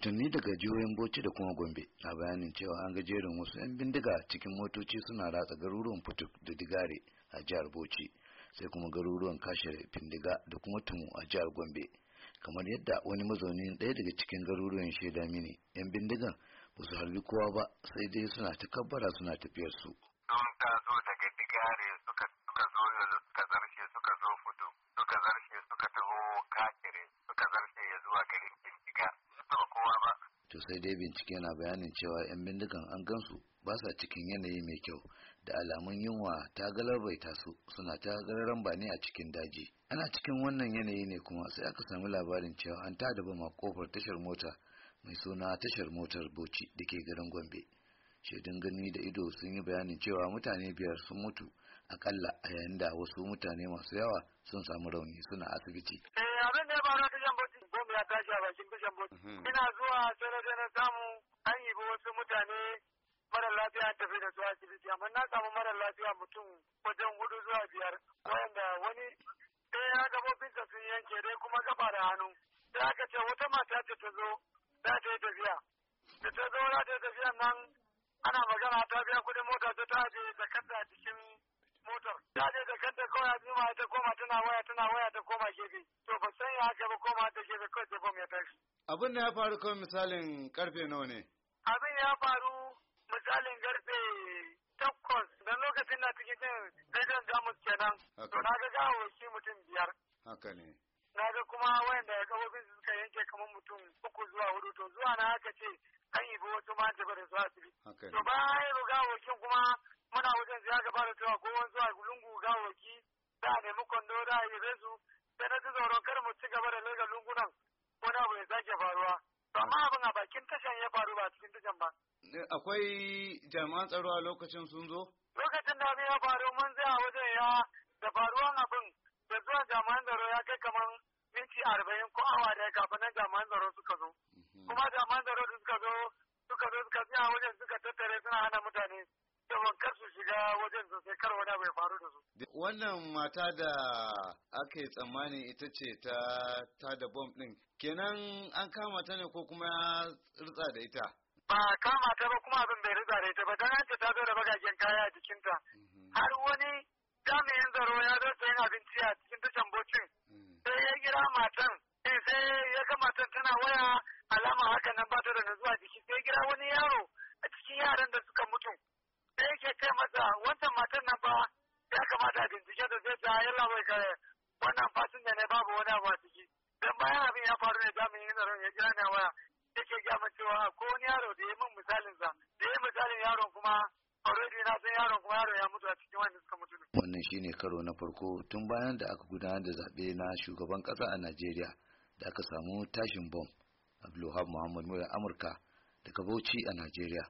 rahotanni daga jihohin bauchi da kuma gombe na bayanin cewa an ga jerin wasu 'yan bindiga cikin motoci suna ratsa garuruwan fituk da digare a jihar bauchi sai kuma garuruwan kashe bindiga da kuma tumu a jihar gombe kamar yadda wani mazaunin ɗaya daga cikin garuruwan shaida mini 'yan bindigan ba su harbi kowa ba sai dai suna ta kabbara suna tafiyar su. sun zo daga digare suka zo yanzu suka zarce suka zo fito sai dai bincike na bayanin cewa 'yan bindigan an gansu ba sa cikin yanayi mai kyau da alamun yunwa ta galarbaita su suna ta gararan bane a cikin daji ana cikin wannan yanayi ne kuma sai aka sami labarin cewa an da bama kofar tashar mota mai suna tashar motar bauchi da ke garin gombe shaidun gani da ido sun yi bayanin cewa mutane biyar sun mutu akalla a yayin da wasu mutane masu yawa sun samu rauni suna asibiti. Eh, abin da ya faru bakin tashan bot. Mhm. Ina zuwa sai na samu an yi wasu mutane marar lafiya an tafi da su asibiti amma na samu marar lafiya mutum wajen hudu zuwa biyar wanda wani ɗaya ya gabobinsa sun yanke dai kuma gaba da hannu. Sai aka ce wata mata ce ta zo za ta yi tafiya. Da ta zo za ta yi tafiya nan ana magana ta biya kuɗin mota ta ta ajiye ta kasa cikin motar ta je da kanta kawai ya ta koma tana waya tana waya ta koma gefe to ba san ya haka ba koma ta gefe kawai ta bom ya tashi abin da ya faru kawai misalin karfe nawa ne abin ya faru misalin karfe takwas da lokacin na cikin jin rediyon jamus kenan to na ga gawo shi mutum biyar haka ne na ga kuma wayanda gabobin su suka yanke kamar mutum uku zuwa hudu to zuwa na haka ce an yi wasu ma da su asibiti to bayan ruga wakin kuma muna wajen sai gaba da cewa kowan zuwa lungu gawaki za a nemi kwando za a yi sai na ji tsoron kar mu ci gaba da lega lungunan wani abu ya zage faruwa amma abin a bakin tashan ya faru ba cikin tashan ba. akwai jami'an tsaro a lokacin sun zo. lokacin da abin ya faru mun zai a wajen ya da faruwan abin da zuwa jami'an tsaro ya kai kamar minti arba'in ko awa da kafin nan jami'an tsaro suka zo. Mhm. kuma jami'an tsaro da suka zo suka zo suka tsaya wajen suka tattare suna hana mutane da kar su shiga wajen su wani bai faru da su. Wannan mata da aka tsammanin tsammani ita ce ta ta da bom ɗin. Kenan an kama ta ne ko kuma ya da ita? Ba kama ta ba kuma abin bai rutsa da ita ba don ta zo da bagagen kaya a jikinta. Mhm. Har wani jami'in tsaro ya zo sayan abinci a cikin tushen bocin. Mhm. Sai ya kira matan. Eh, sai ya ga matan tana waya alama haka nan ba ta da nutsuwa jiki sai ya kira wani yaro a cikin yaran da suka mutu aka kai masa wancan matan nan ba ya kamata bincike da zai ta yalla bai kare wannan da ne babu wani abu a ciki don bayan abin ya faru ne jami'in tsaron ya kira waya yake gaya min cewa ko wani yaro da ya min misalin sa da ya misalin yaron kuma already na san yaron kuma yaron ya mutu a cikin wani suka mutu wannan shine karo na farko tun bayan da aka gudanar da zaɓe na shugaban ƙasa a Najeriya da aka samu tashin bom Abdulwahab Muhammad Mura Amurka daga Bauchi a Najeriya